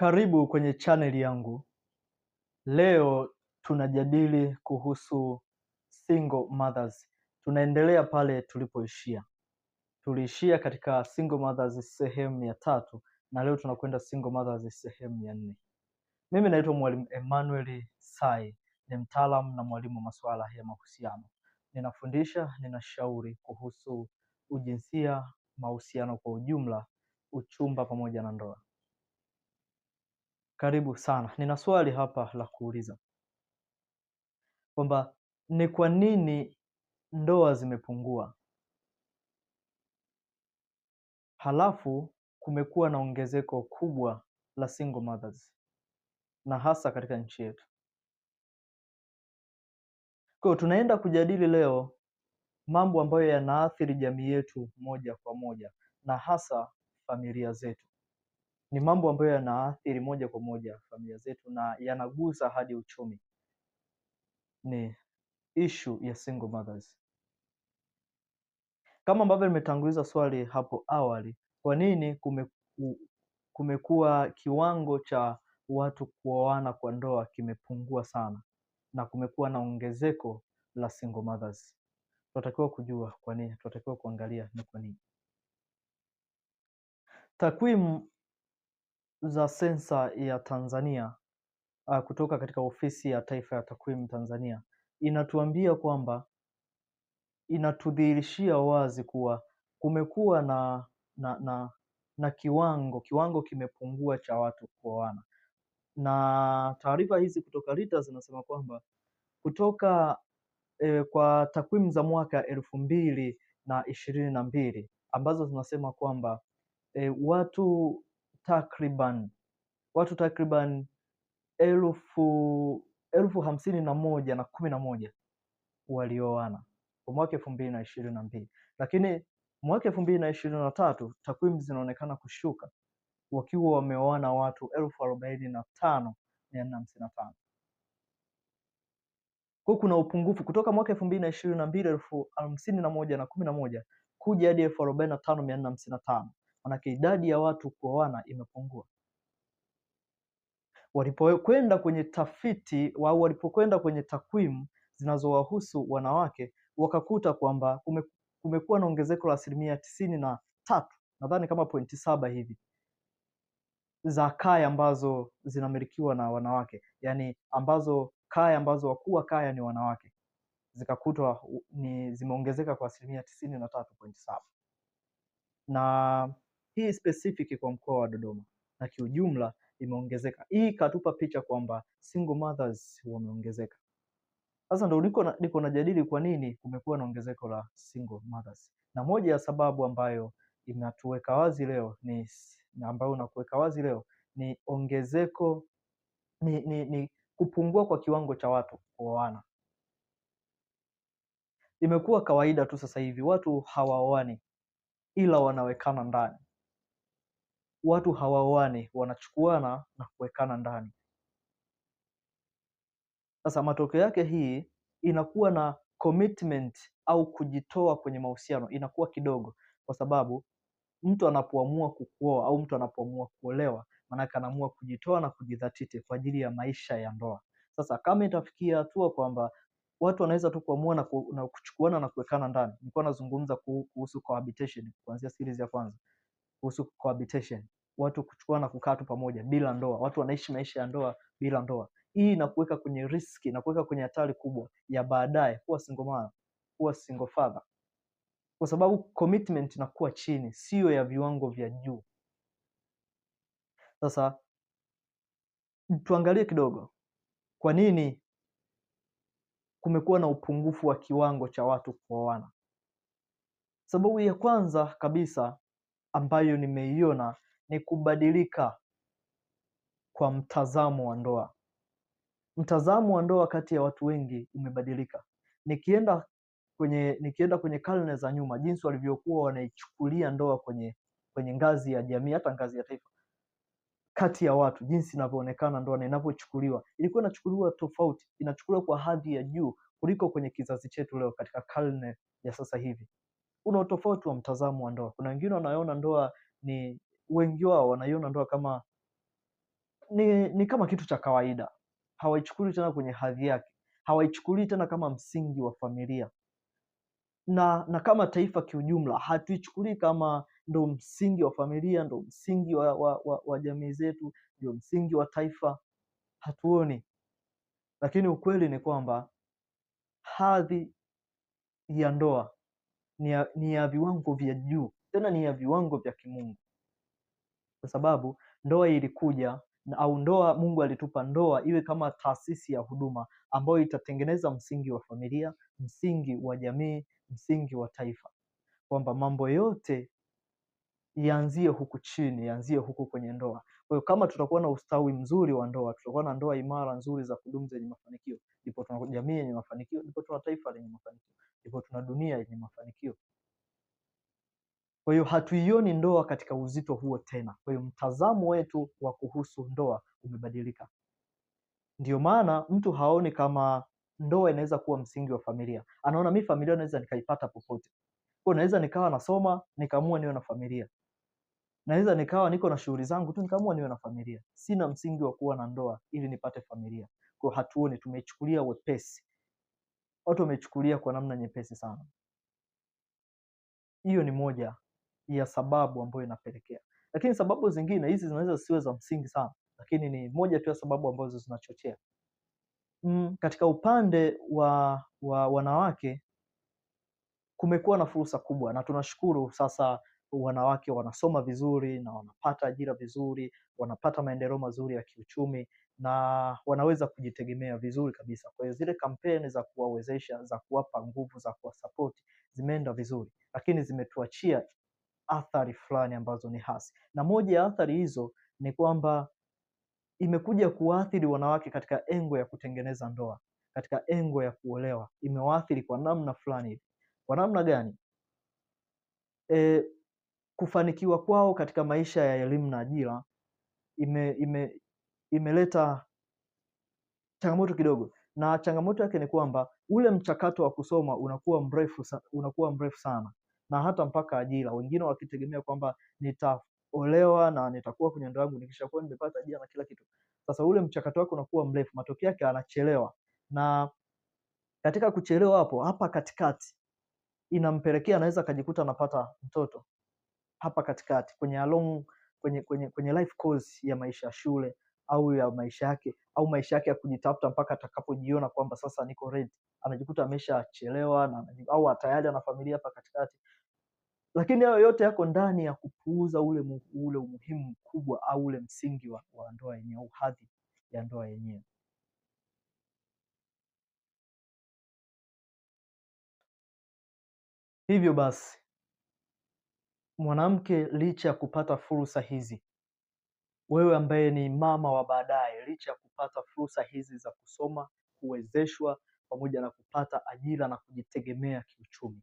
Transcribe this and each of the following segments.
Karibu kwenye chaneli yangu. Leo tunajadili kuhusu single mothers. Tunaendelea pale tulipoishia, tuliishia katika single mothers sehemu ya tatu, na leo tunakwenda single mothers sehemu ya nne. Mimi naitwa Mwalimu Emmanuel Sai, ni mtaalamu na mwalimu wa masuala ya mahusiano. Ninafundisha, ninashauri kuhusu ujinsia, mahusiano kwa ujumla, uchumba pamoja na ndoa. Karibu sana. Nina swali hapa la kuuliza kwamba ni kwa nini ndoa zimepungua halafu kumekuwa na ongezeko kubwa la single mothers na hasa katika nchi yetu. Kwa tunaenda kujadili leo mambo ambayo yanaathiri jamii yetu moja kwa moja na hasa familia zetu ni mambo ambayo yanaathiri moja kwa moja familia zetu na yanagusa hadi uchumi. Ni ishu ya single mothers. Kama ambavyo nimetanguliza swali hapo awali, kwa nini kumeku, kumekuwa kiwango cha watu kuoana kwa ndoa kimepungua sana na kumekuwa na ongezeko la single mothers? Tunatakiwa kujua kwa nini, tunatakiwa kuangalia ni kwa nini. Takwimu za sensa ya Tanzania uh, kutoka katika ofisi ya taifa ya takwimu Tanzania inatuambia kwamba inatudhihirishia wazi kuwa kumekuwa na, na na na kiwango kiwango kimepungua cha watu kuoana, na taarifa hizi kutoka RITA zinasema kwamba kutoka e, kwa takwimu za mwaka elfu mbili na ishirini na mbili ambazo zinasema kwamba e, watu takriban watu takriban elfu elfu hamsini na moja na kumi na moja walioana kwa mwaka elfu mbili na ishirini na mbili lakini mwaka elfu mbili na ishirini na tatu takwimu zinaonekana kushuka wakiwa wameoana watu elfu arobaini na tano mia nne hamsini na tano kwa kuna upungufu kutoka mwaka elfu mbili na ishirini na mbili elfu hamsini na moja na kumi na moja kuja hadi elfu arobaini na tano mia nne hamsini na tano Manake idadi ya watu kuoana imepungua. Walipokwenda kwenye tafiti au walipokwenda kwenye takwimu zinazowahusu wanawake, wakakuta kwamba kumekuwa na ongezeko la asilimia tisini na tatu nadhani kama pointi saba hivi za kaya ambazo zinamilikiwa na wanawake, yani ambazo kaya ambazo wakuu wa kaya ni wanawake zikakutwa ni zimeongezeka kwa asilimia tisini na tatu pointi saba na hii specific kwa mkoa wa Dodoma na kiujumla imeongezeka. Hii ikatupa picha kwamba single mothers wameongezeka. Sasa ndo niko na, niko najadili kwa nini kumekuwa na ongezeko la single mothers, na moja ya sababu ambayo inatuweka wazi leo ni na ambayo unakuweka wazi leo ni ongezeko ni, ni, ni kupungua kwa kiwango cha watu kuoana. Imekuwa kawaida tu sasa hivi watu hawaoani, ila wanawekana ndani watu hawaoani, wanachukuana na kuwekana ndani. Sasa matokeo yake hii inakuwa na commitment au kujitoa kwenye mahusiano inakuwa kidogo, kwa sababu mtu anapoamua kukuoa au mtu anapoamua kuolewa, maanake anaamua kujitoa na kujidhatiti kwa ajili ya maisha ya ndoa. Sasa kama itafikia hatua kwamba watu wanaweza tu kuamua na, na kuchukuana na kuwekana ndani. Nilikuwa nazungumza kuhusu cohabitation kuanzia series ya kwanza kuhusu cohabitation, watu kuchukua na kukaa tu pamoja bila ndoa, watu wanaishi maisha ya ndoa bila ndoa. Hii inakuweka kwenye riski na kuweka kwenye hatari kubwa ya baadaye kuwa single mom, kuwa single father, kwa sababu commitment inakuwa chini, siyo ya viwango vya juu. Sasa tuangalie kidogo, kwa nini kumekuwa na upungufu wa kiwango cha watu kuoana? Sababu ya kwanza kabisa ambayo nimeiona ni kubadilika kwa mtazamo wa ndoa. Mtazamo wa ndoa kati ya watu wengi umebadilika. Nikienda kwenye nikienda kwenye karne za nyuma, jinsi walivyokuwa wanaichukulia ndoa kwenye kwenye ngazi ya jamii, hata ngazi ya taifa, kati ya watu, jinsi inavyoonekana ndoa na inavyochukuliwa, ilikuwa inachukuliwa tofauti, inachukuliwa kwa hadhi ya juu kuliko kwenye kizazi chetu leo katika karne ya sasa hivi una utofauti wa mtazamo wa ndoa. Kuna wengine wanaona ndoa ni, wengi wao wanaiona ndoa kama ni, ni kama kitu cha kawaida, hawaichukuli tena kwenye hadhi yake, hawaichukulii tena kama msingi wa familia na na kama taifa kiujumla hatuichukulii kama ndo msingi wa familia, ndo msingi wa, wa, wa, wa jamii zetu, ndio msingi wa taifa, hatuoni. Lakini ukweli ni kwamba hadhi ya ndoa ni ya, ni ya viwango vya juu, tena ni ya viwango vya kimungu, kwa sababu ndoa ilikuja au ndoa, Mungu alitupa ndoa iwe kama taasisi ya huduma ambayo itatengeneza msingi wa familia, msingi wa jamii, msingi wa taifa, kwamba mambo yote yaanzie huku chini, yaanzie huku kwenye ndoa. Kwa hiyo kama tutakuwa na ustawi mzuri wa ndoa, tutakuwa na ndoa imara nzuri za kudumu zenye mafanikio, ndipo tuna jamii yenye mafanikio, ndipo tuna taifa lenye mafanikio hivyo tuna dunia yenye mafanikio. Kwa hiyo hatuioni ndoa katika uzito huo tena. Kwa hiyo mtazamo wetu wa kuhusu ndoa umebadilika. Ndio maana mtu haoni kama ndoa inaweza kuwa msingi wa familia, anaona mi familia naweza nikaipata popote. Kwa naweza nikawa nasoma nikaamua niwe na familia, naweza nikawa niko na shughuli zangu tu nikaamua niwe na familia, sina msingi wa kuwa na ndoa ili nipate familia. Kwa hatuoni, tumeichukulia wepesi watu wamechukulia kwa namna nyepesi sana. Hiyo ni moja ya sababu ambayo inapelekea, lakini sababu zingine hizi zinaweza zisiwe za msingi sana, lakini ni moja tu ya sababu ambazo zinachochea. Mm, katika upande wa, wa wanawake kumekuwa na fursa kubwa na tunashukuru sasa wanawake wanasoma vizuri na wanapata ajira vizuri, wanapata maendeleo mazuri ya kiuchumi na wanaweza kujitegemea vizuri kabisa. Kwa hiyo zile kampeni za kuwawezesha, za kuwapa nguvu, za kuwasapoti zimeenda vizuri, lakini zimetuachia athari fulani ambazo ni hasi, na moja ya athari hizo ni kwamba imekuja kuwaathiri wanawake katika engo ya kutengeneza ndoa, katika engo ya kuolewa, imewaathiri kwa namna fulani. Kwa namna gani? E, kufanikiwa kwao katika maisha ya elimu na ajira ime, ime, imeleta changamoto kidogo, na changamoto yake ni kwamba ule mchakato wa kusoma unakuwa mrefu, unakuwa mrefu sana na hata mpaka ajira, wengine wakitegemea kwamba nitaolewa na nitakuwa kwenye ndoa yangu nikishakuwa nimepata ajira na kila kitu. Sasa ule mchakato wake unakuwa mrefu, matokeo yake anachelewa, na katika kuchelewa hapo hapa katikati inampelekea anaweza akajikuta anapata mtoto hapa katikati kwenye along kwenye, kwenye, kwenye life course ya maisha ya shule au ya maisha yake au maisha yake ya kujitafuta mpaka atakapojiona kwamba sasa niko ready, anajikuta ameshachelewa na au tayari ana familia hapa katikati. Lakini hayo yote yako ndani ya kupuuza ule ule umuhimu mkubwa au ule msingi wa, wa ndoa yenyewe au hadhi ya ndoa yenyewe. Hivyo basi Mwanamke licha ya kupata fursa hizi, wewe ambaye ni mama wa baadaye, licha ya kupata fursa hizi za kusoma, kuwezeshwa, pamoja na kupata ajira na kujitegemea kiuchumi,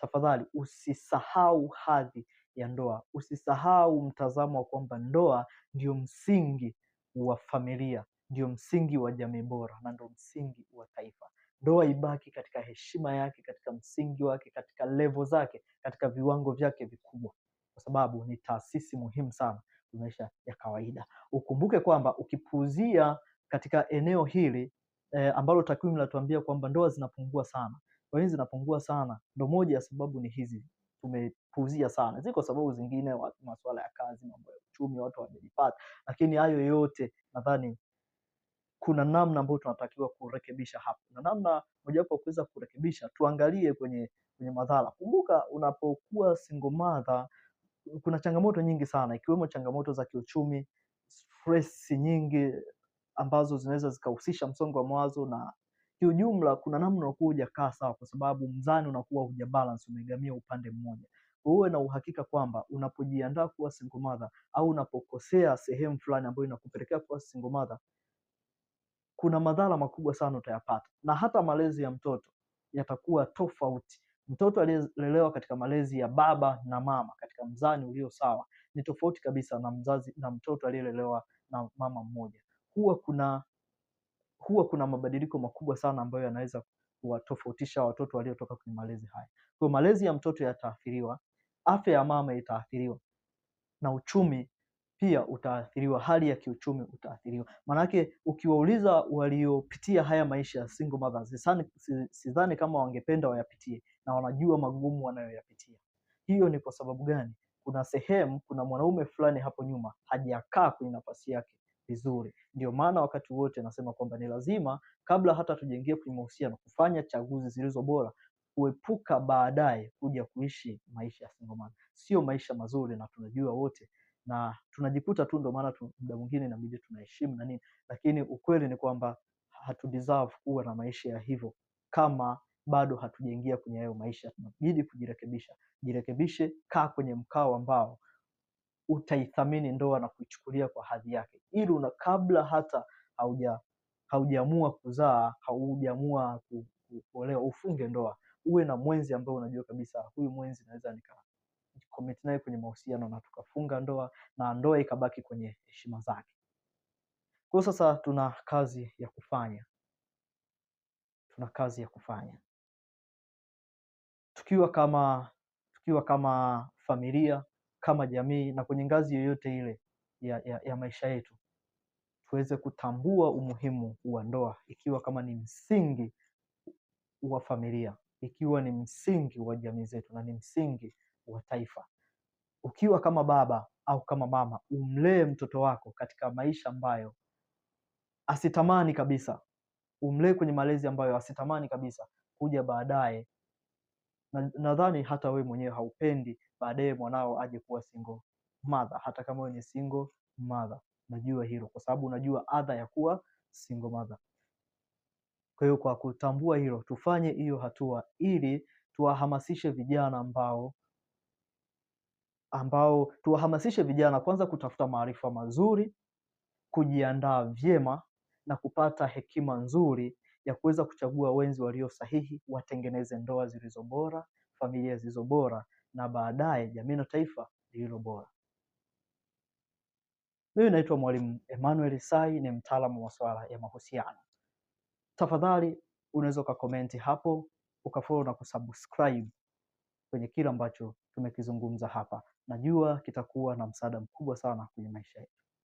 tafadhali usisahau hadhi ya ndoa, usisahau mtazamo wa kwamba ndoa ndio msingi wa familia, ndio msingi wa jamii bora na ndio msingi wa taifa. Ndoa ibaki katika heshima yake, katika msingi wake, katika levo zake, katika viwango vyake vikubwa, kwa sababu ni taasisi muhimu sana kwa maisha ya kawaida. Ukumbuke kwamba ukipuuzia katika eneo hili eh, ambalo takwimu linatuambia kwamba ndoa zinapungua sana. Kwa nini zinapungua sana? Ndo moja ya sababu ni hizi, tumepuuzia sana. Ziko sababu zingine, masuala ya kazi, mambo ya uchumi, watu hawajajipata, lakini hayo yote nadhani kuna namna ambayo tunatakiwa kurekebisha hapo, na namna mojawapo kuweza kurekebisha, tuangalie kwenye kwenye madhara. Kumbuka unapokuwa single mother, kuna changamoto nyingi sana, ikiwemo changamoto za kiuchumi, stress nyingi ambazo zinaweza zikahusisha msongo wa mawazo, na kiujumla, kuna namna unakuwa hujakaa sawa, kwa sababu mzani unakuwa hujabalance, umegamia upande mmoja. Uwe na uhakika kwamba unapojiandaa kuwa single mother au unapokosea sehemu fulani ambayo inakupelekea kuwa single mother kuna madhara makubwa sana utayapata, na hata malezi ya mtoto yatakuwa tofauti. Mtoto aliyelelewa katika malezi ya baba na mama katika mzani ulio sawa ni tofauti kabisa na mzazi na mtoto aliyelelewa na mama mmoja. Huwa kuna huwa kuna mabadiliko makubwa sana ambayo yanaweza kuwatofautisha watoto waliotoka kwenye malezi haya. Kwa malezi ya mtoto yataathiriwa, afya ya mama itaathiriwa na uchumi pia utaathiriwa, hali ya kiuchumi utaathiriwa. Maanake ukiwauliza waliopitia haya maisha ya single mothers, sidhani kama wangependa wayapitie, na wanajua magumu wanayoyapitia. Hiyo ni kwa sababu gani? Kuna sehemu, kuna mwanaume fulani hapo nyuma hajakaa kwenye nafasi yake vizuri. Ndio maana wakati wote nasema kwamba ni lazima, kabla hata tujaingia kwenye mahusiano, kufanya chaguzi zilizo bora, kuepuka baadaye kuja kuishi maisha ya single mother. Sio maisha mazuri, na tunajua wote na tunajikuta tu, ndo maana muda mwingine inabidi tunaheshimu na nini, lakini ukweli ni kwamba hatu deserve kuwa na maisha ya hivyo kama bado hatujaingia kwenye hayo maisha. Tunabidi kujirekebisha. Jirekebishe, kaa kwenye mkao ambao utaithamini ndoa na kuichukulia kwa hadhi yake, ili una kabla hata hauja haujaamua kuzaa, haujaamua kuolewa, ufunge ndoa, uwe na mwenzi ambao unajua kabisa, huyu mwenzi naweza nika tukajicommit naye kwenye mahusiano na tukafunga ndoa na ndoa ikabaki kwenye heshima zake. Kwa sasa tuna kazi ya kufanya, tuna kazi ya kufanya tukiwa kama tukiwa kama familia, kama jamii na kwenye ngazi yoyote ile ya, ya, ya maisha yetu tuweze kutambua umuhimu wa ndoa ikiwa kama ni msingi wa familia, ikiwa ni msingi wa jamii zetu na ni msingi wa taifa. Ukiwa kama baba au kama mama, umlee mtoto wako katika maisha ambayo asitamani kabisa, umlee kwenye malezi ambayo asitamani kabisa kuja baadaye. Nadhani na hata wewe mwenyewe haupendi baadaye mwanao aje kuwa single mother, hata kama wewe ni single mother. Najua hilo kwa sababu unajua adha ya kuwa single mother. Kwa hiyo kwa kutambua hilo, tufanye hiyo hatua ili tuwahamasishe vijana ambao ambao tuwahamasishe vijana kwanza kutafuta maarifa mazuri, kujiandaa vyema na kupata hekima nzuri ya kuweza kuchagua wenzi walio sahihi, watengeneze ndoa zilizo bora, familia zilizo bora na baadaye jamii na taifa lililo bora. Mimi naitwa Mwalimu Emmanuel Sai, ni mtaalamu wa masuala ya mahusiano. Tafadhali unaweza ukakomenti hapo, ukafollow na kusubscribe kwenye kile ambacho tumekizungumza hapa. Najua kitakuwa na msaada mkubwa sana kwenye maisha yetu.